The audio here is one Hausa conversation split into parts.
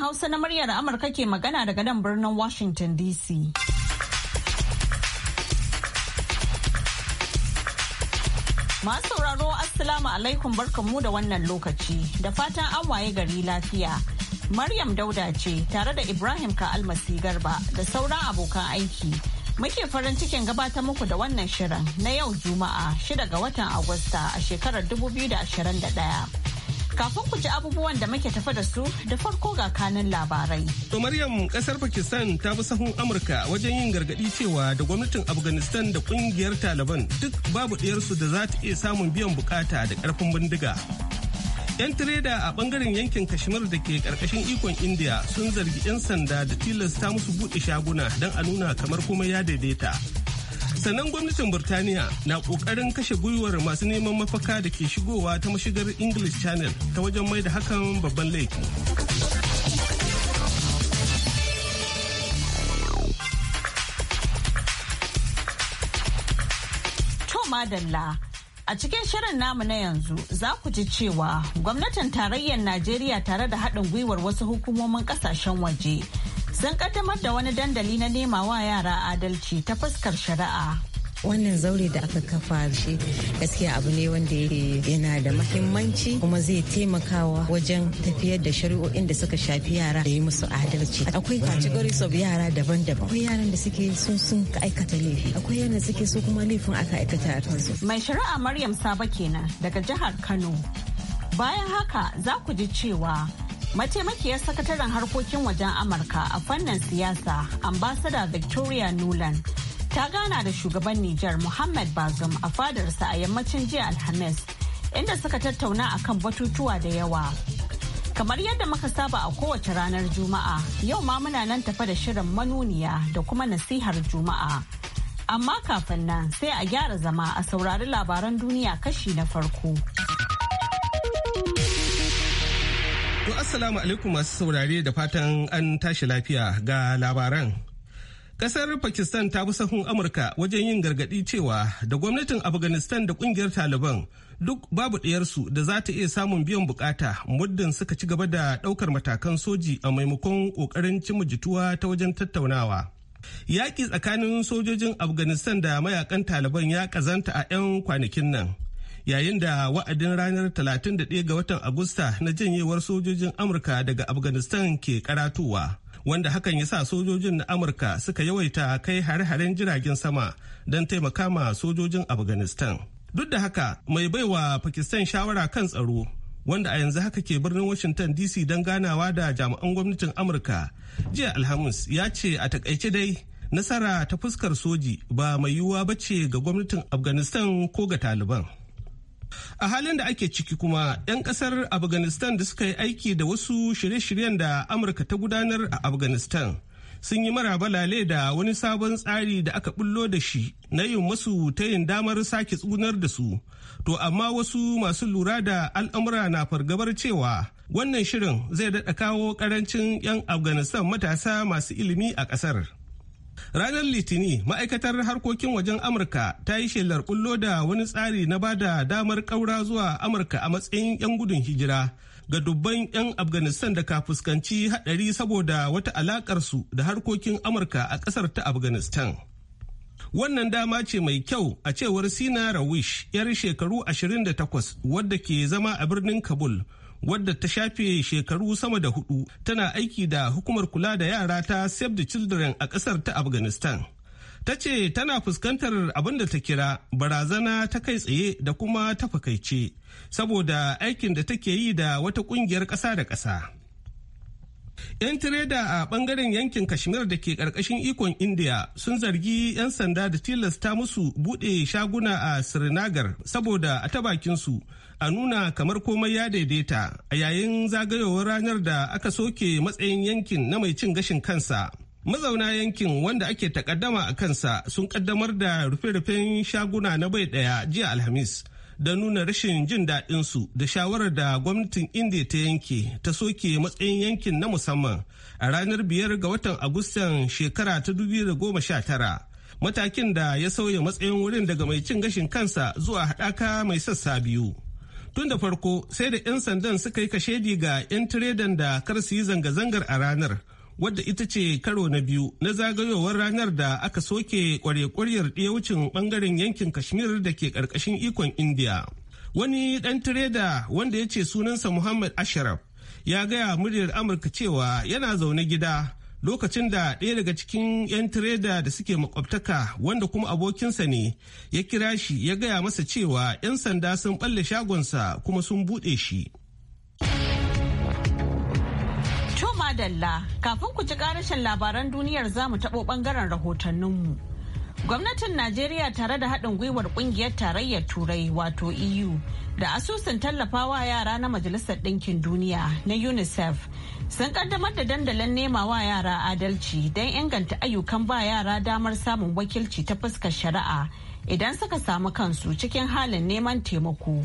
Hausa na muryar Amurka ke magana daga nan birnin Washington DC. Masu sauraro Assalamu alaikum barkanmu da wannan lokaci da fatan an waye gari lafiya. Maryam Dauda ce tare da Ibrahim Ka'almasi Garba da sauran abokan aiki. Muke farin cikin gabatar muku da wannan shirin na yau Juma'a 6 ga watan Agusta a shekarar 2021. Kafin ku ji abubuwan da muke tafa da su da farko ga kanin labarai. To Maryam kasar Pakistan ta bi sahun Amurka wajen yin gargadi cewa da gwamnatin Afghanistan da kungiyar Taliban duk babu ɗayarsu da za ta iya samun biyan bukata da ƙarfin bindiga. 'Yan tireda a bangaren yankin Kashmir da ke ƙarƙashin ikon India sun zargi 'yan sanda da tilasta musu buɗe shaguna don a nuna kamar kuma ya daidaita. sannan gwamnatin burtaniya na kokarin kashe gwiwar masu neman mafaka da ke shigowa ta mashigar english channel ta wajen mai da hakan babban laifi madalla a cikin shirin namu na yanzu za ku ji cewa gwamnatin tarayyar najeriya tare da haɗin gwiwar wasu hukumomin ƙasashen waje sun kaddamar da wani dandali na nema wa yara adalci ta fuskar shari'a wannan zaure da aka kafa shi gaskiya abu ne wanda yana da mahimmanci kuma zai taimakawa wajen tafiyar da shari'o'in da suka shafi yara da yi musu adalci akwai categories of yara daban-daban akwai yaran da suke sun sun aikata laifi akwai yaran da suke so kuma laifin aka aikata a kansu mai shari'a maryam saba kenan daga jihar kano bayan haka za ku ji cewa Mataimakiyar sakataren harkokin wajen Amurka a fannin siyasa, ambasada Victoria Nuland ta gana da shugaban Nijar Muhammad Bazum, a fadarsa a yammacin jiya Alhamis, inda suka tattauna a kan batutuwa da yawa. Kamar yadda muka saba a kowace ranar Juma'a, yau ma muna nan tafa da shirin manuniya da kuma nasihar Juma'a. Amma kafin nan sai a gyara zama a saurari labaran duniya kashi na farko. Assalamu alaikum masu saurare da fatan an tashi lafiya ga labaran. Kasar Pakistan ta fi sahun Amurka wajen yin gargaɗi cewa da gwamnatin Afghanistan da ƙungiyar Taliban duk babu ɗayarsu da za ta iya samun biyan bukata muddin suka ci gaba da ɗaukar matakan soji a maimakon ƙoƙarin cimma jituwa ta wajen tattaunawa. Yaƙi tsakanin sojojin Afghanistan da mayakan Taliban ya ƙazanta a 'yan kwanakin nan. yayin da wa'adin ranar 31 ga watan Agusta na janyewar sojojin Amurka daga Afghanistan ke karatowa. Wanda hakan ya sa sojojin na Amurka suka yawaita kai hare-haren jiragen sama don taimaka ma sojojin Afghanistan. Duk da haka mai baiwa Pakistan shawara kan tsaro wanda a yanzu haka ke birnin Washington DC don ganawa da jami'an gwamnatin Amurka. Jiya Alhamis ya ce a takaice dai nasara ta fuskar soji ba mai yiwuwa bace ga gwamnatin Afghanistan ko ga Taliban. a halin da ake ciki kuma 'yan kasar afghanistan da suka yi aiki da wasu shirye-shiryen da amurka ta gudanar a afghanistan sun yi mara balale da wani sabon tsari da aka bullo da shi na yin masu yin damar sake tsunar da su to amma wasu masu lura da al'amura na fargabar cewa wannan shirin zai daɗa kawo ƙarancin 'yan afghanistan matasa masu ilimi a ƙasar. Ranar Litini, ma'aikatar harkokin wajen Amurka ta yi shelar kullo da wani tsari na bada damar ƙaura zuwa Amurka a matsayin 'yan gudun hijira ga dubban 'yan Afghanistan da ka fuskanci haɗari saboda wata alaƙarsu da harkokin Amurka a ƙasar ta Afghanistan. Wannan dama ce mai kyau a cewar Sina Rawish, 'yar shekaru 28 wadda ke zama a birnin Kabul. wadda ta shafe shekaru sama da hudu tana aiki da hukumar kula da yara ta save the children a kasar ta afghanistan ta ce tana fuskantar abin da ta kira barazana ta kai tsaye da kuma ta fakaice saboda aikin da take yi da wata kungiyar kasa da kasa. 'yan tireda a bangaren yankin kashmir da ke karkashin ikon india sun zargi 'yan sanda da tilasta musu bude shaguna a srinagar saboda a ta bakinsu a nuna kamar komai ya daidaita a yayin zagayowar ranar da aka soke matsayin yankin na mai cin gashin kansa. Mazauna yankin wanda ake takaddama a kansa sun kaddamar da rufe-rufen shaguna na bai daya jiya Alhamis da nuna rashin jin daɗinsu da shawarar da gwamnatin Indiya ta yanke ta soke matsayin yankin na musamman a ranar biyar ga watan Agustan shekara ta 2019. Matakin da ya sauya matsayin wurin daga mai cin gashin kansa zuwa haɗaka mai sassa biyu. Tun da farko sai da 'yan sandan suka yi kashedi ga 'yan tiredan da kar su yi zanga-zangar a ranar, wadda ita ce karo na biyu na zagayowar ranar da aka soke kware-kwaryar wucin bangaren yankin Kashmir da ke karkashin ikon India. Wani ɗan tireda wanda ya ce sunansa Muhammad Ashraf ya gaya muryar Amurka cewa yana zaune gida lokacin da ɗaya daga cikin 'yan tireda da suke makwabtaka wanda kuma abokinsa ne ya kira shi ya gaya masa cewa 'yan sanda sun balle shagonsa kuma sun buɗe shi. To madalla kafin ku ji ƙarashin labaran duniyar zamu taɓo ɓangaren rahotanninmu. Gwamnatin Najeriya tare da haɗin gwiwar ƙungiyar tarayyar Turai wato EU da asusun tallafawa yara na Majalisar Ɗinkin Duniya na UNICEF sun kaddamar da dandalin nema wa yara adalci don inganta ayyukan ba yara damar samun wakilci ta fuskar shari'a idan suka samu kansu cikin halin neman taimako.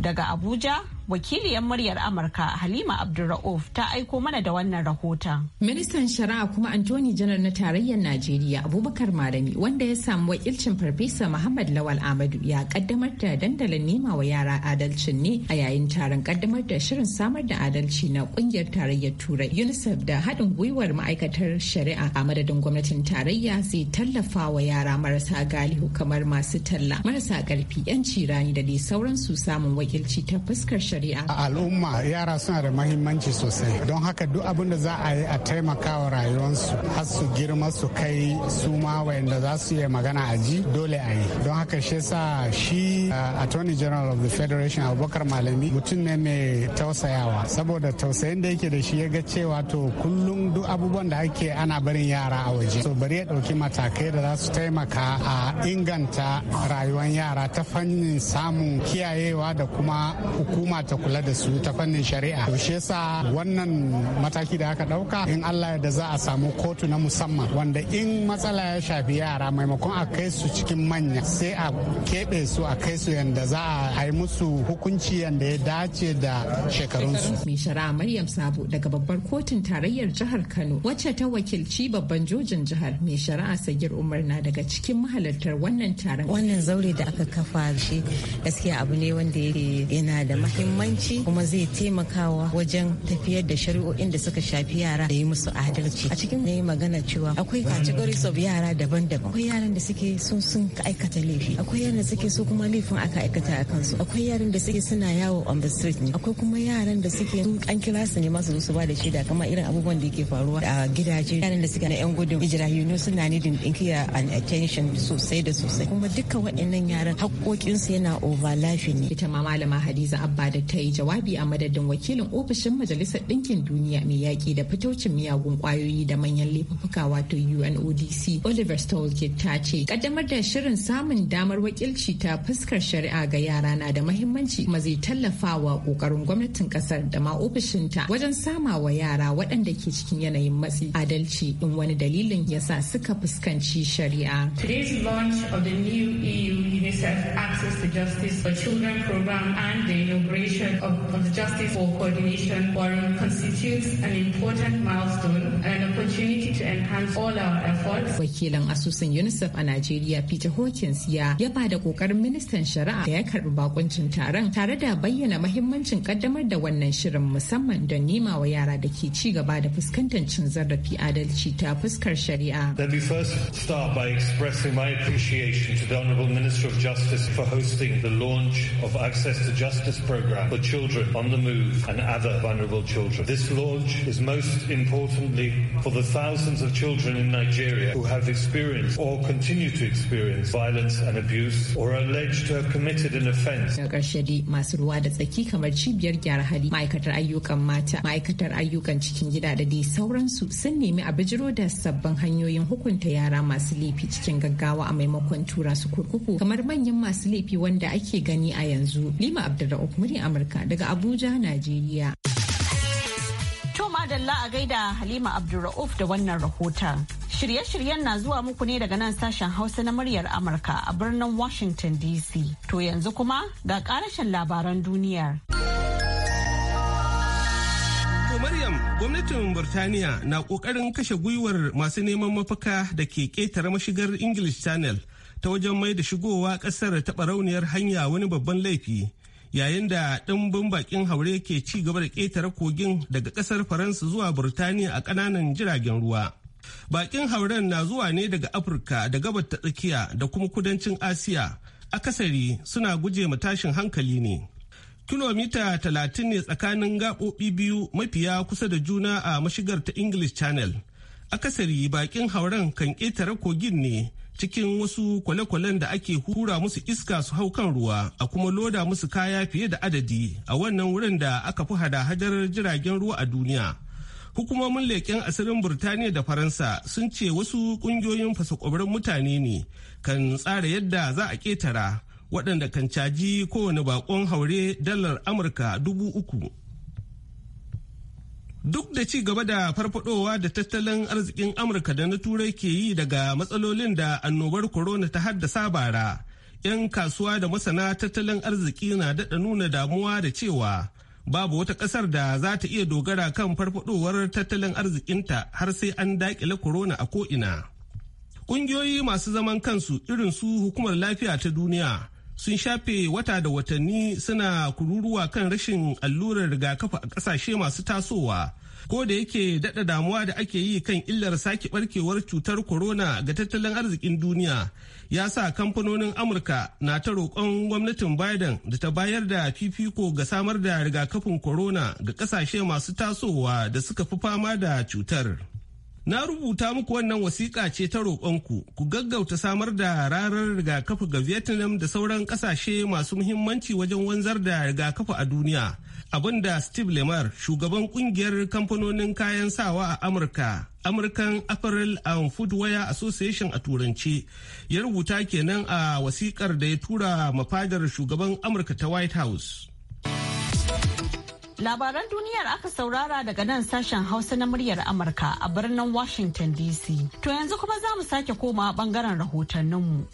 Daga Abuja, wakiliyar muryar amurka halima abdulra'uf ta aiko mana da wannan rahoton ministan shari'a kuma antoni janar na tarayyar najeriya abubakar malami wanda ya samu wakilcin farfesa muhammad lawal amadu ya kaddamar da dandalin nema wa yara adalcin ne a yayin taron kaddamar da shirin samar da adalci na kungiyar tarayyar turai unicef da haɗin gwiwar ma'aikatar shari'a a madadin gwamnatin tarayya zai tallafa wa yara marasa galihu kamar masu talla marasa ƙarfi 'yanci rani da dai sauransu samun wakilci ta fuskar shari'a a al'umma yara suna da mahimmanci sosai don haka duk abin da za a yi a taimakawa rayuwarsu har su girma su kai su ma wayanda za su yi magana a ji dole a yi don haka shi sa shi eh, attorney general of the federation abubakar malami mutum ne mai tausayawa saboda tausayin da yake da shi ya ga cewa to kullum duk abubuwan da ake ana barin yara a waje so bari ya ɗauki matakai da za su taimaka a inganta rayuwar yara ta fannin samun kiyayewa da kuma hukuma ta kula da su ta fannin shari'a yaushe shi yasa wannan mataki da aka ɗauka in Allah da za a samu kotu na musamman wanda in matsala ya shafi yara maimakon a kai su cikin manya sai a keɓe su a kai su yanda za a yi musu hukunci yanda ya dace da shekarun su. Mai shari'a Maryam Sabo daga babbar kotun tarayyar jihar Kano wacce ta wakilci babban jojin jihar mai shari'a Sagir Umar na daga cikin mahalartar wannan taron. Wannan zaure da aka kafa shi gaskiya abu ne wanda yana da mahimmanci muhimmanci kuma zai taimakawa wajen tafiyar da shari'o'in da suka shafi yara da yi musu adalci a cikin ne magana cewa akwai categories of yara daban-daban akwai yaran da suke sun sun aikata laifi akwai yaran da suke su kuma laifin aka aikata a kansu akwai yaran da suke suna yawo on the street ne akwai kuma yaran da suke an kira su ne masu su ba da shaida kamar irin abubuwan da yake faruwa a gidaje yaran da suke na yan gudun hijira yuno suna needing din kiya an attention sosai da sosai kuma duka waɗannan yaran haƙoƙinsu yana overlapping ne ita ma malama Hadiza Abba da ta yi jawabi a madadin wakilin ofishin majalisar ɗinkin duniya mai yaƙi da fitocin miyagun ƙwayoyi da manyan laifuka wato unodc oliver stolkit ta ce kaddamar da shirin samun damar wakilci ta fuskar shari'a ga yara na da mahimmanci kuma zai tallafa wa ƙoƙarin gwamnatin ƙasar da ma ofishinta wajen sama wa yara waɗanda ke cikin yanayin matsi adalci in wani dalilin ya sa suka fuskanci shari'a. Today's launch of the new EU UNICEF Access to Justice for Children program and the inauguration implementation of, of the Justice for Coordination Forum constitutes an important milestone and an opportunity to enhance all our efforts. asusun UNICEF a Najeriya Peter Hawkins ya da kokarin ministan shari'a da ya karbi bakuncin taron tare da bayyana kaddamar da wannan shirin musamman don nema wa yara da ke ci gaba da fuskantar cin zarafi adalci ta fuskar shari'a. Let me first start by expressing my appreciation to the Honorable Minister of Justice for hosting the launch of Access to Justice program for children on the move and other vulnerable children. This launch is most importantly for the thousands thousands of children in Nigeria who have experienced or continue to experience violence and abuse or are alleged to have committed an offense. Da ƙarshe dai masu ruwa da tsaki kamar cibiyar gyara hali, ma'aikatar ayyukan mata, ma'aikatar ayyukan cikin gida da dai sauransu sun nemi a bijiro da sabbin hanyoyin hukunta yara masu laifi cikin gaggawa a maimakon tura su kurkuku kamar manyan masu laifi wanda ake gani a yanzu. Lima Abdulrahman Murin Amurka daga Abuja, Najeriya. madalla a gaida Halima Abdulra'uf da wannan rahoton. Shirye-shiryen na zuwa muku ne daga nan sashen Hausa na muryar Amurka a birnin Washington DC. To yanzu kuma ga karashen labaran duniyar. Maryam gwamnatin Burtaniya na kokarin kashe gwiwar masu neman mafaka da ke ketare mashigar English Channel ta wajen mai da shigowa kasar ta barauniyar hanya wani babban laifi yayin da ɗimbin bakin haure ke ci gaba da ƙetare kogin daga ƙasar faransa zuwa burtaniya a ƙananan jiragen ruwa bakin hauren na zuwa ne daga afirka da gabar ta tsakiya da kuma kudancin asiya akasari suna guje ma tashin hankali ne kilomita talatin ne tsakanin gaɓoɓi biyu mafiya kusa da juna a mashigar ta english channel akasari bakin hauren kan ƙetare kogin ne cikin wasu kwale-kwalen da ake hura musu iska su hau kan ruwa a kuma loda musu kaya fiye da adadi a wannan wurin da aka fi hada-hadar jiragen ruwa a duniya. Hukumomin leƙen asirin Burtaniya da Faransa sun ce wasu ƙungiyoyin fasakwabrin mutane ne kan tsara yadda za a ƙetara waɗanda kan caji kowane baƙon haure dalar Amurka dubu uku. duk da ci gaba da farfadowa da tattalin arzikin amurka da na turai ke yi daga matsalolin da annobar Korona ta haddasa bara 'yan kasuwa da masana tattalin arziki na daɗa nuna damuwa da cewa babu wata ƙasar da za ta iya dogara kan farfadowar tattalin arzikinta har sai an daƙile Korona a ko'ina ƙungiyoyi masu zaman kansu irin su hukumar lafiya ta duniya sun shafe wata da watanni suna kururuwa kan rashin allurar rigakafi a ƙasashe masu tasowa ko da yake daɗa damuwa da ake yi kan illar sake barkewar cutar corona ga tattalin arzikin duniya ya sa kamfanonin amurka na ta roƙon gwamnatin biden da ta bayar da fifiko ga samar da rigakafin corona ga ƙasashe masu tasowa da suka fi fama da cutar Na rubuta muku wannan wasiƙa ce ta roƙonku ku gaggauta samar da ranar rigakafi ga Vietnam da sauran ƙasashe masu muhimmanci wajen wanzar da rigakafi a duniya. da Steve Lemar, shugaban ƙungiyar kamfanonin kayan sawa a Amurka, amurkan Apparel and Footwear Association a Turanci, ya rubuta kenan a wasiƙar da ya tura mafadar shugaban Amurka ta White House. Labaran duniyar aka saurara daga nan sashen Hausa na muryar Amurka a birnin Washington DC. To yanzu kuma za mu sake koma bangaren rahotanninmu.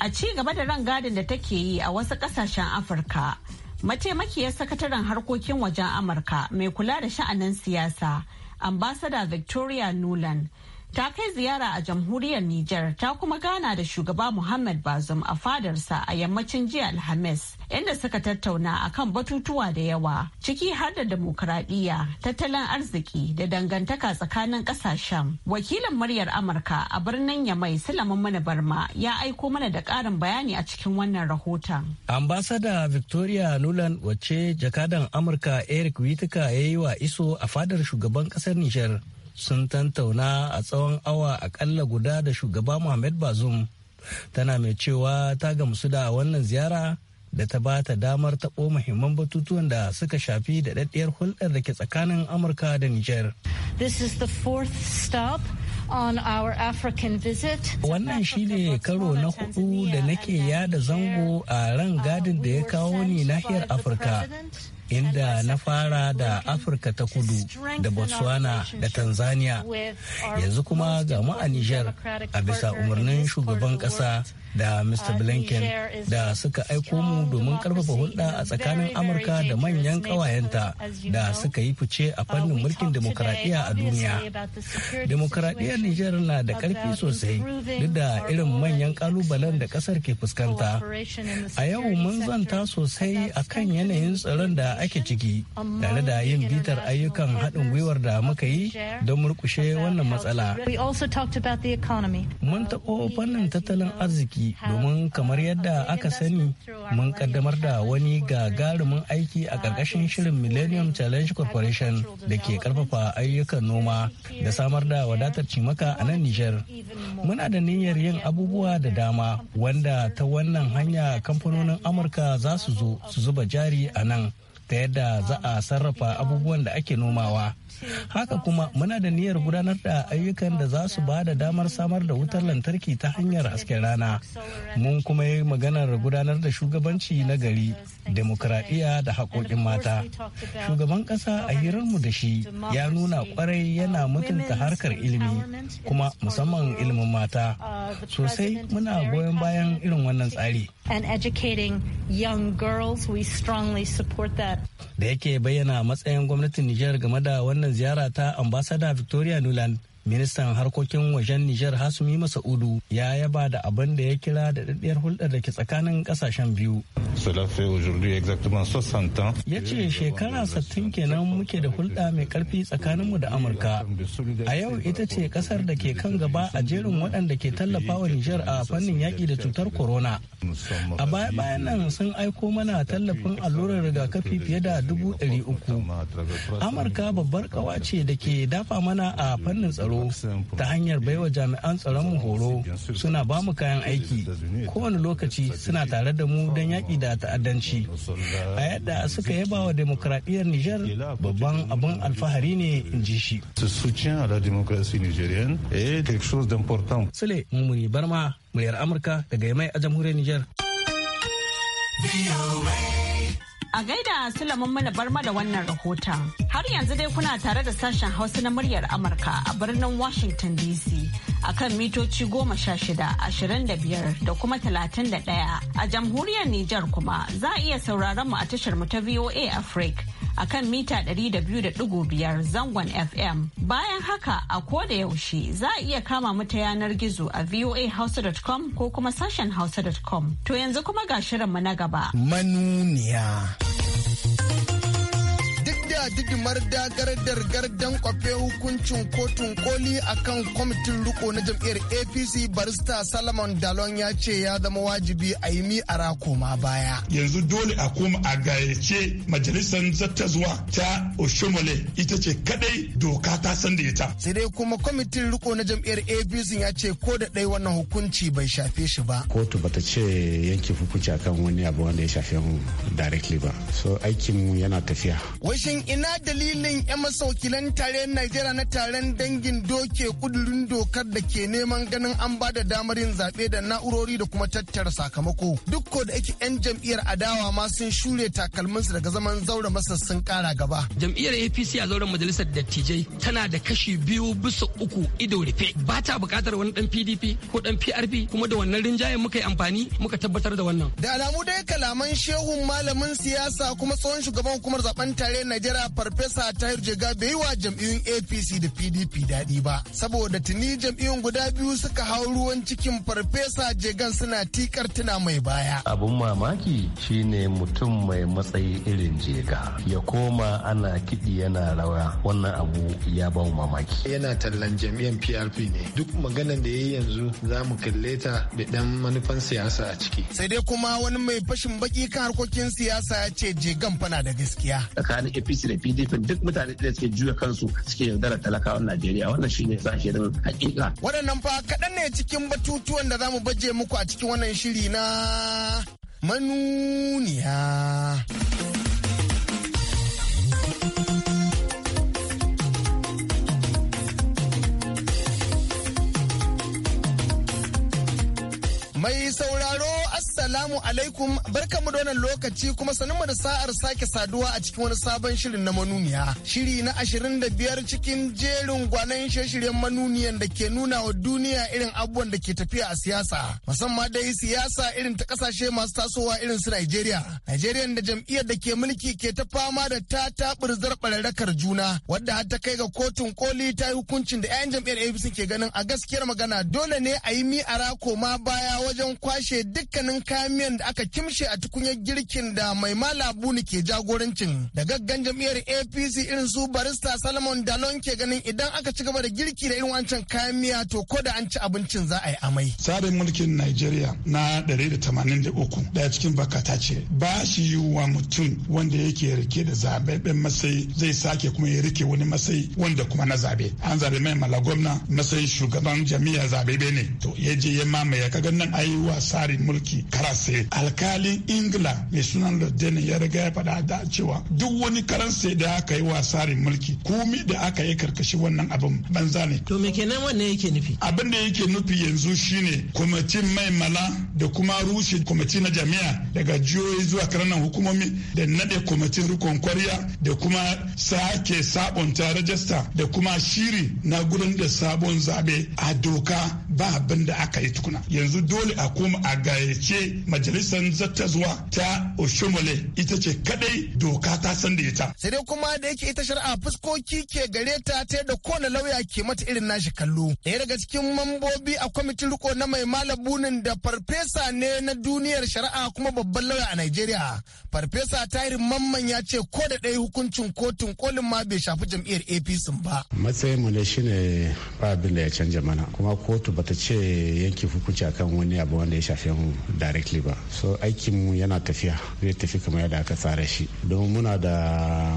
A ci gaba da rangadin da take yi a wasu kasashen Afirka, mataimakiyar sakataren harkokin wajen Amurka mai kula da sha'anin siyasa, ambasada Victoria Nuland ta kai ziyara a jamhuriyar Nijar ta kuma gana da shugaba Muhammad Bazum a fadarsa a yammacin jiya Alhamis inda suka tattauna akan batutuwa da yawa ciki har da demokuraɗiyya, tattalin arziki da dangantaka tsakanin ƙasashen. Wakilin muryar Amurka a birnin Yamai Sulaiman Mana Barma ya aiko mana da ƙarin bayani a cikin wannan rahoton. Ambasada Victoria Nuland wace jakadan Amurka Eric Witika ya yi wa iso a fadar shugaban ƙasar Nijar sun tantauna a tsawon awa akalla guda da shugaba Muhammad Bazoum tana mai cewa ta gamsu da wannan ziyara da ta ba ta damar taɓo muhimman batutuwan da suka shafi da daɗaɗɗiyar hulɗar da ke tsakanin Amurka da Nijar. This the fourth stop on our African visit. Wannan shi ne karo na hudu da nake yada zango a ran gadin da ya kawo ni nahiyar Afirka. inda na fara da Afirka ta kudu da Botswana da Tanzania. Yanzu kuma ga mu a Nijar a bisa umarnin shugaban kasa. da Mr. Uh, Blinken da suka aiko mu domin karfafa hulɗa a tsakanin Amurka da manyan ƙawayenta da suka yi fice a uh, fannin mulkin demokuraɗiyya a duniya. Demokuraɗiyyar Nijar na da ƙarfi sosai duk da irin manyan ƙalubalen da ƙasar ke fuskanta. A yau mun zanta sosai a kan yanayin tsaron da ake ciki tare da yin bitar ayyukan haɗin gwiwar da muka yi don murƙushe wannan matsala. Mun uh, taɓo fannin tattalin arziki domin kamar yadda aka sani mun kaddamar da wani gagarumin aiki a ƙarƙashin shirin millennium challenge corporation da ke karfafa ayyukan noma da samar da wadatar cimaka a nan nijar muna da niyyar yin abubuwa da dama wanda ta wannan hanya kamfanonin amurka za su zo su zuba jari a nan ta yadda za a sarrafa abubuwan da ake nomawa Haka kuma muna da niyyar gudanar da ayyukan da za su ba da damar samar da wutar lantarki ta hanyar hasken rana. Mun kuma yi maganar gudanar da shugabanci na gari, demokradiyya da haƙoƙin mata. Shugaban ƙasa a hirarmu da shi ya nuna kwarai yana mutunta harkar ilimi, kuma musamman ilimin mata. Sosai muna goyon bayan irin wannan tsari. Da yake bayyana matsayin gwamnatin Nijar game da wannan wannan ziyara ta ambasada victoria nuland ministan harkokin wajen Nijar Hasumi Masa'udu ya yaba da abin da ya kira da daddiyar hulɗar da ke tsakanin ƙasashen biyu. Ya ce shekara sattin kenan muke da hulɗa mai ƙarfi tsakaninmu da Amurka. A yau ita ce ƙasar da ke kan gaba a jerin waɗanda ke tallafa wa Nijar a fannin yaƙi da cutar corona. A baya bayan nan sun aiko mana tallafin allurar rigakafi fiye da dubu ɗari uku. Amurka babbar ƙawa ce da ke dafa mana a fannin tsaro horo ta hanyar baiwa jami'an tsaron mu horo suna ba mu kayan aiki kowane lokaci suna tare da mu don yaƙi da ta'addanci a yadda suka yaba wa demokradiyyar Nijar babban abin alfahari ne in ji shi. Sule Mummuni Barma, muryar Amurka daga Yamai a jamhuriyar Nijar. A gaida sulaman mana barma da wannan rahoton. Har yanzu dai kuna tare da sashen Hausa na muryar Amurka a birnin Washington DC a kan mitoci goma sha shida, ashirin da biyar da kuma talatin da ɗaya. A jamhuriyar Nijar kuma za a iya sauraron mu a tashar mu ta VOA Africa a kan mita 200.5 zangon FM. Bayan haka a koda yaushe za a iya kama mu yanar gizo a voahausa.com ko kuma sashen hausa.com. To yanzu kuma ga shirinmu na gaba. Manuniya. da didimar dagardar gardan kwafe hukuncin kotun koli akan kwamitin riko na jam'iyyar apc barista salomon dalon ya ce ya zama wajibi a yi mi a koma baya yanzu dole a koma a gayyace majalisar zuwa. ta oshomole ita ce kadai doka ta san da ita sai dai kuma kwamitin riko na jam'iyyar apc ya ce ko da dai wannan hukunci bai shafe shi ba kotu bata ce yanke hukunci akan wani abu wanda ya shafe mu directly ba so aikin mu yana tafiya wai ina dalilin 'yan masaukilan tare Najeriya na taron dangin doke kudurin dokar da ke neman ganin an ba da damar yin zaɓe da na'urori da kuma tattara sakamako. Duk ko da ake 'yan jam'iyyar adawa ma sun shure takalminsu daga zaman zaure masa sun kara gaba. Jam'iyyar APC a zauren majalisar dattijai tana da kashi biyu bisa uku ido rufe. Ba ta buƙatar wani ɗan PDP ko ɗan PRP kuma da wannan rinjayen muka yi amfani muka tabbatar da wannan. Da alamu dai kalaman shehun malamin siyasa kuma tsohon shugaban hukumar zaben tare Najeriya najeriya farfesa tahir jega bai yi wa jam'iyyun apc da pdp daɗi ba saboda tuni jam'iyyun guda biyu suka hau ruwan cikin farfesa jegan suna tikar tuna mai baya abun mamaki shine mutum mai matsayi irin jega ya koma ana kiɗi yana rawa wannan abu ya ba mamaki yana tallan jam'iyyar prp ne duk maganan da ya yi yanzu za mu kalle ta da ɗan manufan siyasa a ciki sai dai kuma wani mai fashin baki kan harkokin siyasa ya ce jegan fana da gaskiya tsakanin apc apc da pdp duk mutane da suke juya kansu suke yaudarar talakawan najeriya wannan shi ne zahirin hakika waɗannan fa kaɗan ne cikin batutuwan da za mu baje muku a cikin wannan shiri na manuniya mai sau Assalamu alaikum barkamu da wannan lokaci kuma mu da sa'ar sake saduwa a cikin wani sabon shirin na manuniya. Shiri na ashirin da biyar cikin jerin gwanan shirye-shiryen manuniyan da ke nuna wa duniya irin abubuwan da ke tafiya a siyasa. Musamman dai siyasa irin ta kasashe masu tasowa irin su nigeria nigerian da jam'iyyar da ke mulki ke ta fama da ta taɓur zarɓar juna wadda har ta kai ga kotun koli ta yi hukuncin da 'yan jam'iyyar APC ke ganin a gaskiyar magana dole ne a yi mi'ara koma baya wajen kwashe dukkanin kayan miyan da aka kimshe a tukunyar girkin da mai malabu ne ke jagorancin da gaggan jam'iyyar apc irin su barista salomon dalon ke ganin idan aka ci gaba da girki da irin wancan kayan miya to ko da an ci abincin za a yi amai tsarin mulkin nigeria na 183 daya cikin bakata ce ba shi yiwuwa mutum wanda yake rike da zababben masai zai sake kuma ya rike wani masai wanda kuma na zaɓe an zaɓe mai mala gwamna masai shugaban jami'a zaɓe ne to ya je ya mamaye ka nan ayi wa tsarin mulki kara alkali ingila mai sunan lordin ya riga ya faɗa da cewa duk wani karan da aka yi wa tsarin mulki komi da aka yi karkashi wannan abin banza ne to me kenan wannan yake nufi abin da yake nufi yanzu shine kwamitin mai mala. da kuma rushe kwamiti na jami'a daga jihohi zuwa karanan hukumomi da nade kwamitin rikon kwarya da kuma sake sabonta rajista da kuma shiri na gudun da sabon zabe a doka ba abin da aka yi tukuna yanzu dole a koma a gayyace majalisar zata zuwa ta Oshomole ita ce kadai doka ta san da ita. Sai dai kuma da yake ita shari'a fuskoki ke gare ta ta da kowane lauya ke mata irin nashi kallo. Ɗaya daga cikin mambobi a kwamitin riko na mai malabunin da farfesa ne na duniyar shari'a kuma babban lauya a nigeria Farfesa Tahir Mamman ya ce ko da ɗaya hukuncin kotun kolin ma bai shafi jam'iyyar APC ba. Matsayin mu ne shine ba abin da ya canja mana kuma kotu bata ce yanke hukunci akan wani abu wanda ya shafi mu direct directly ba so mu yana tafiya zai tafi kamar yadda aka tsara shi don muna da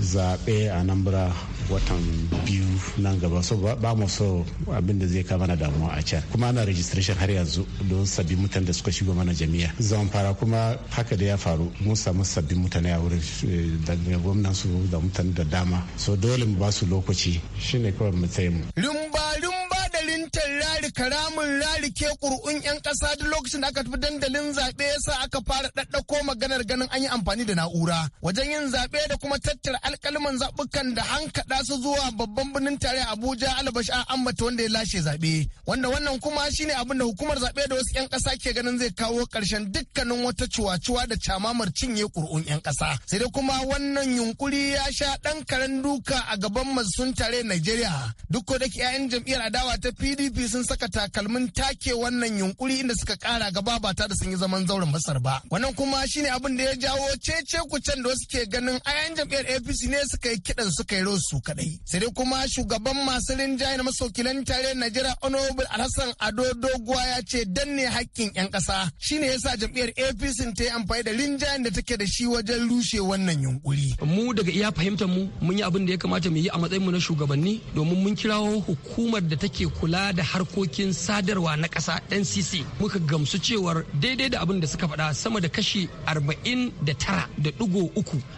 zaɓe a bura watan biyu nan gaba so ba mu so abinda zai kama na damuwa a can kuma ana registration har yanzu don sabbi mutane da suka shigo mana jami'a zan fara kuma haka da ya faru mun samu sabbi mutane a wurin eh, daga gwamnan su da mutane da dama so dole mu ba su lokaci shine kawai mu tsaye mu. Lumba da karamin rarike ƙuri'un 'yan kasa duk lokacin da aka tafi dandalin zaɓe sa aka fara ɗaɗɗako maganar ganin an yi amfani da na'ura wajen yin zaɓe da kuma tattara alƙalman zaɓukan da an kaɗa su zuwa babban birnin tare Abuja Albashi a ambata wanda ya lashe zaɓe wanda wannan kuma shine abin da hukumar zaɓe da wasu 'yan kasa ke ganin zai kawo ƙarshen dukkanin wata cuwa-cuwa da camamar cinye ƙuri'un 'yan kasa. sai dai kuma wannan yunkuri ya sha ɗan karen duka a gaban masu tare Najeriya duk da 'ya'yan jam'iyyar adawa ta PDP sun saka saka takalmin take wannan yunkuri inda suka kara gaba ba ta da sun yi zaman zauren masar ba wannan kuma shine abin da ya jawo cece kucen da wasu ke ganin ayan jam'iyyar apc ne suka yi kidan suka yi rosu kadai sai dai kuma shugaban masu rinjaye na masaukilan tare najeriya honorable alhassan ado doguwa ya ce danne hakkin yan kasa shine yasa jam'iyyar apc ta yi amfani da rinjayen da take da shi wajen rushe wannan yunkuri mu daga iya fahimtar mu mun yi abin da ya kamata mu yi a matsayin mu na shugabanni domin mun kirawo hukumar da take kula da harkokin harkokin sadarwa na ƙasa ncc muka gamsu cewar daidai da abin da suka faɗa sama da kashi 49.3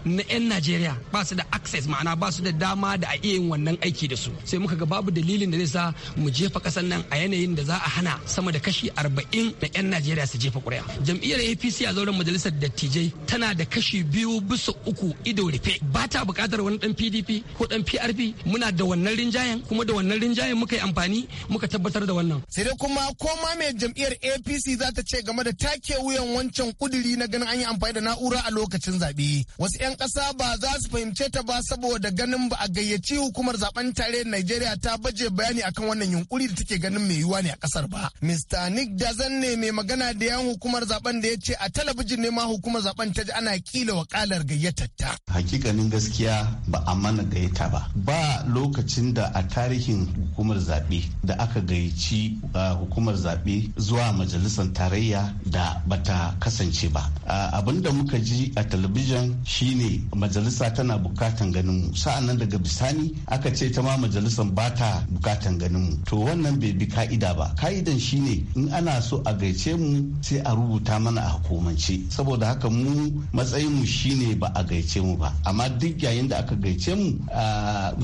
na 'yan najeriya ba su da access ma'ana ba su da dama da a iya yin wannan aiki da su sai muka ga babu dalilin da zai sa mu jefa ƙasar nan a yanayin da za a hana sama da kashi 40 na 'yan najeriya su jefa ƙuri'a jam'iyyar apc a zauren majalisar dattijai tana da kashi biyu bisa uku ido rufe ba ta buƙatar wani ɗan pdp ko ɗan prp muna da wannan rinjayen kuma da wannan rinjayen muka yi amfani muka tabbatar da wannan. Sai dai kuma koma mai jam'iyyar APC za ta ce game da take wuyan wancan kuduri na ganin an yi amfani da na'ura a lokacin zaɓe. Wasu 'yan ƙasa ba za su fahimce ta ba saboda ganin ba a gayyaci hukumar zaben tare Najeriya ta baje bayani akan wannan yunkuri da take ganin mai yiwuwa ne a kasar ba. Mr. Nick Dazan ne mai magana da yan hukumar zaben da ya ce a talabijin ne ma hukumar zaben ta ji ana kila wakalar gayyatar ta. Hakikanin gaskiya ba a mana gayyata ba. Ba lokacin da a tarihin hukumar zaɓe da aka gayyaci a hukumar zaɓe zuwa majalisar tarayya da bata kasance ba abin da muka ji a talabijin shine majalisa tana bukatan ganin mu nan daga bisani aka ce ta ma majalisar ta bukatan ganin mu to wannan bai bi ka'ida ba ka'idan shine in ana so a gaice mu sai a rubuta mana a hukumance saboda haka mu matsayin mu shine ba a gaice mu ba amma duk yayin da aka gaice mu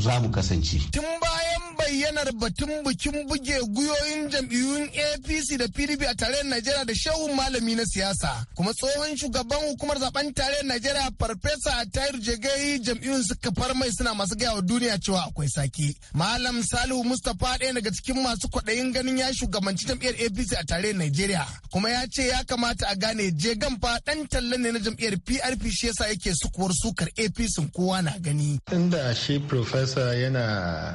za mu kasance tun bayan bayyanar batun bikin buge guyo jigoyin jam'iyyun apc da pdp a tarayyar najeriya da shehun malami na siyasa kuma tsohon shugaban hukumar zaben tarayyar najeriya farfesa tahir jagai jam'iyyun suka far mai suna masu gaya wa duniya cewa akwai saki malam salihu mustapha ɗaya daga cikin masu kwaɗayin ganin ya shugabanci jam'iyyar apc a tarayyar najeriya kuma ya ce ya kamata a gane jegan fa ɗan tallan ne na jam'iyyar prp shi yasa yake sukuwar sukar apc kowa na gani inda shi profesa yana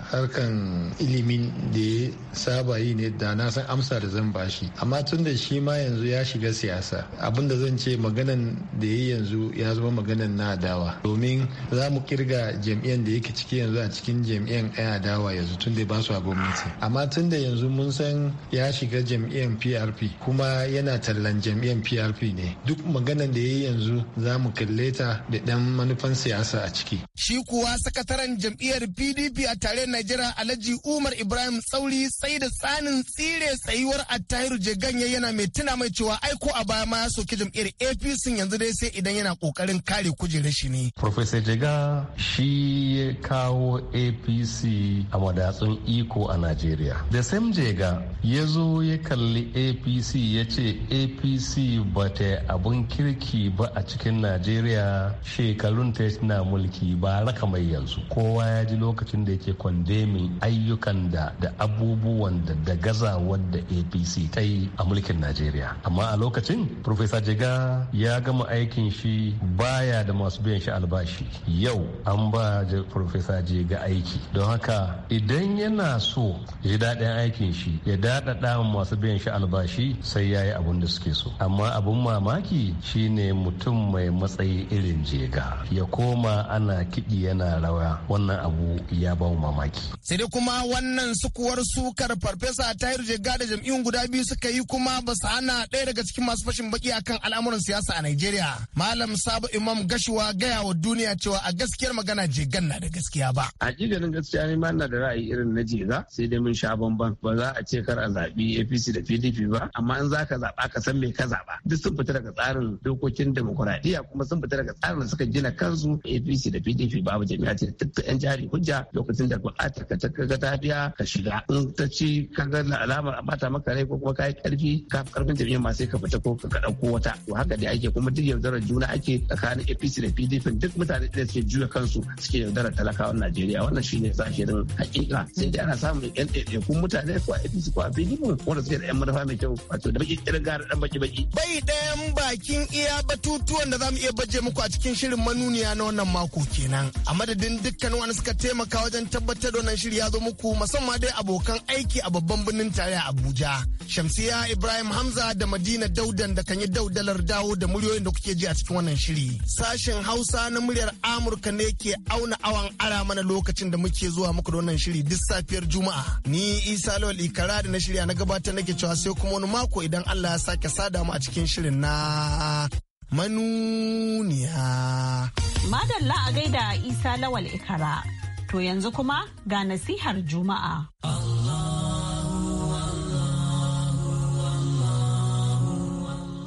harkan ilimin da ya saba yi ne da na san amsa da zan bashi amma tun da shi ma yanzu ya shiga siyasa abin da zan ce maganan da ya yanzu ya zama maganan na adawa domin za mu kirga jam'iyyar da yake ciki yanzu a cikin jam'iyyar ɗaya adawa yanzu tun da ba su a gwamnati amma tun da yanzu mun san ya shiga jam'iyyar PRP kuma yana tallan jam'iyyar PRP ne duk maganan da ya yanzu za mu kalle ta da ɗan manufan siyasa a ciki. Shi kuwa sakataren jam'iyyar PDP a tare Najeriya Alhaji Umar Ibrahim Tsauri sai da ranin tsire tsayuwar attahiru ganye yana mai tuna mai cewa aiko a baya ma ya soki jam'iyyar apc yanzu dai sai idan yana kokarin kare kujerar shi ne professor jega shi ya kawo apc a madatsun iko a nigeria. da sam jega ya zo ya kalli apc ya ce apc ba ta abun kirki ba a cikin nigeria shekarun ta na mulki ba raka mai yanzu kowa ya ji lokacin da yake kwandemin ayyukan da da abubuwan da da gazawar da apc ta yi a mulkin najeriya amma a lokacin profesa jega ya gama aikin shi baya da masu biyan shi albashi yau an ba profesa jega aiki don haka idan yana so ji daɗin aikin shi ya daɗaɗa masu biyan shi albashi sai ya yi abin da suke so amma abin mamaki shine mutum mai matsayi irin jega ya koma ana kiɗi yana rawa wannan abu ya ba mamaki sai dai kuma wannan sukuwar sukar farfesa farfesa tahiru jega da jam'iyyun guda biyu suka yi kuma ba su hana ɗaya daga cikin masu fashin baki akan al'amuran siyasa a Najeriya. Malam Sabu Imam Gashuwa gaya wa duniya cewa a gaskiyar magana jegan na da gaskiya ba. a Hakikanin gaskiya ne ma na da ra'ayi irin na jiga sai dai mun sha bamban ba za a ce kar a zaɓi APC da PDP ba amma in za ka zaɓa ka san me ka zaɓa duk sun fita daga tsarin dokokin demokuraɗiyya kuma sun fita daga tsarin da suka gina kansu APC da PDP babu jami'a ce duk 'yan jari hujja lokacin da ba ka ta tafiya biya ka shiga in ta ci ka ga alamar a bata maka rai ko kuma kai karfi ka karfin jami'a ma sai ka fita ko ka dauko wata to haka dai ake kuma duk yaudara juna ake tsakanin APC da PDP duk mutane da suke juya kansu suke yaudara talakawan Najeriya wannan shine don hakika sai dai ana samun yan ɗaiɗaikun mutane ko a APC ko a PDP wanda suke da yan manufa mai kyau wato da baki kirin gara dan baki baki bai ɗayan bakin iya batutuwan da zamu iya baje muku a cikin shirin manuniya na wannan mako kenan a madadin dukkan wani suka taimaka wajen tabbatar da wannan shiri ya zo muku musamman dai abokan aiki a babban babban birnin a Abuja. Shamsiya Ibrahim Hamza da Madina Daudan da kan yi daudalar dawo da muryoyin da kuke ji a cikin wannan shiri. Sashen Hausa na muryar Amurka ne ke auna awan ara mana lokacin da muke zuwa muku da wannan shiri duk safiyar Juma'a. Ni Isa Lawal Ikara da na shirya na gabatar nake cewa sai kuma wani mako idan Allah ya sake sada mu a cikin shirin na manuniya. Madalla a gaida Isa Lawal Ikara. To yanzu kuma ga nasihar Juma'a. Allah.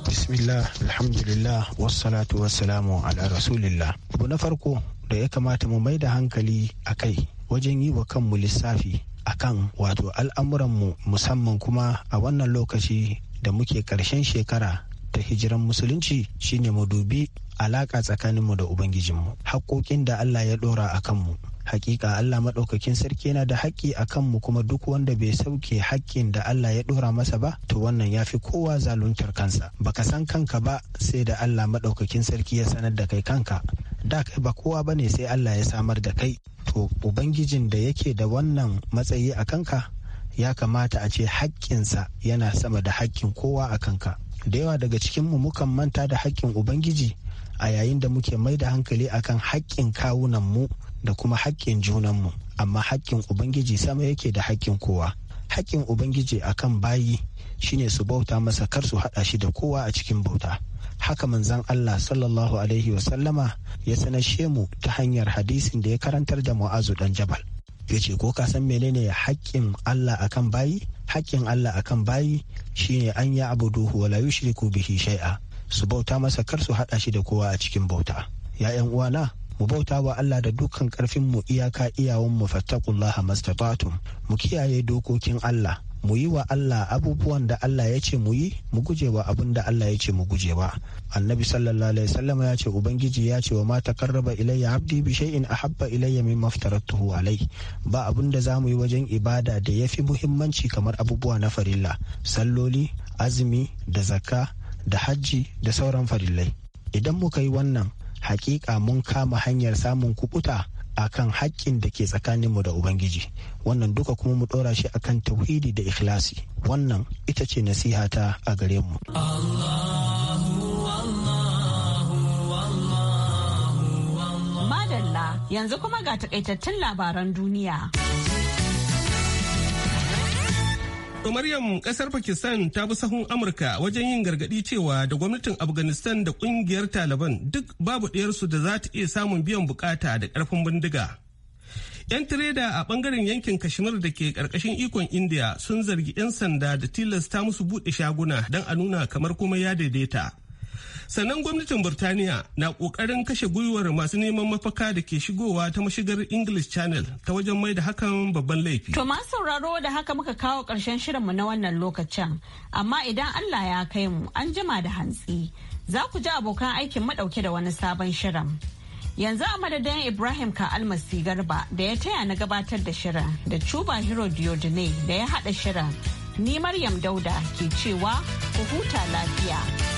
bismillah alhamdulillah wassalatu wassalamu ala rasulillah abu na farko da ya kamata mu mai da hankali a kai wajen yi wa kanmu lissafi a kan wato al'amuranmu musamman kuma a wannan lokaci da muke karshen shekara ta hijiran musulunci shine mu dubi alaƙa tsakaninmu da ubangijinmu haƙoƙin da allah ya ɗora a kanmu hakika Allah maɗaukakin sarki yana da haƙƙi a kanmu kuma duk wanda bai sauke haƙƙin da Allah ya ɗora masa ba to wannan ya fi kowa zaluntar kansa baka san kanka ba sai da Allah maɗaukakin sarki ya sanar da kai kanka da kai ba kowa ba ne sai Allah ya samar da kai to ubangijin da yake da wannan matsayi a kanka ya kamata a ce haƙƙinsa yana sama da haƙƙin kowa a kanka da yawa daga cikinmu mukan manta da haƙƙin ubangiji a yayin da muke mai da hankali akan haƙƙin kawunanmu. da kuma haƙƙin junanmu amma haƙƙin ubangiji sama yake da haƙƙin kowa haƙƙin ubangiji akan bayi shine su bauta masa kar su haɗa shi da kowa a cikin bauta haka manzan Allah sallallahu alaihi wasallama ya sanashe mu ta hanyar hadisin da ya karantar da mu'azu dan jabal ya ce ko ka san menene haƙƙin Allah akan bayi haƙƙin Allah akan bayi shine an ya abuduhu wa layu yushriku bihi shai'a su bauta masa kar su haɗa shi da kowa a cikin bauta ya ƴan uwana mu bauta wa Allah da dukkan karfin mu iyaka iyawan mu fattakullaha mastata'tum mu kiyaye dokokin Allah mu yi wa Allah abubuwan da Allah ya ce mu yi mu guje wa abin da Allah ya ce mu guje wa annabi sallallahu alaihi wasallam ya ce ubangiji ya ce wa ma takarraba ilayya abdi bi shay'in ahabba ilayya mimma aftaratuhu alai ba abin da zamu yi wajen ibada da yafi muhimmanci kamar abubuwa na farilla salloli azumi da zakka da hajji da sauran farillai idan muka yi wannan hakika mun kama hanyar samun kubuta akan haƙƙin da ke tsakaninmu da ubangiji wannan duka kuma mu ɗora shi akan tauhidi da ikhlasi wannan ita ce nasihata a gare mu madalla yanzu kuma ga takaitattun labaran duniya Maryam kasar Pakistan ta bi sahun Amurka wajen yin gargadi cewa da gwamnatin Afghanistan da kungiyar Taliban duk babu ɗayarsu da za ta iya samun biyan bukata da ƙarfin bindiga. 'Yan tireda a bangaren yankin Kashmir da ke ƙarƙashin ikon India sun zargi 'yan sanda da tilasta musu buɗe shaguna don a nuna kamar kuma ya daidaita. sannan gwamnatin burtaniya na kokarin kashe gwiwar masu neman mafaka da ke shigowa ta mashigar english channel ta wajen mai da hakan babban laifi to ma sauraro da haka muka kawo karshen shirinmu na wannan lokacin amma idan allah ya kai mu an jima da hantsi za ku ji abokan aikin madauke da wani sabon shirin yanzu a madadin ibrahim ka almasi garba da ya taya na gabatar da shirin da cuba hero diodine da ya hada shirin ni maryam dauda ke cewa ku huta lafiya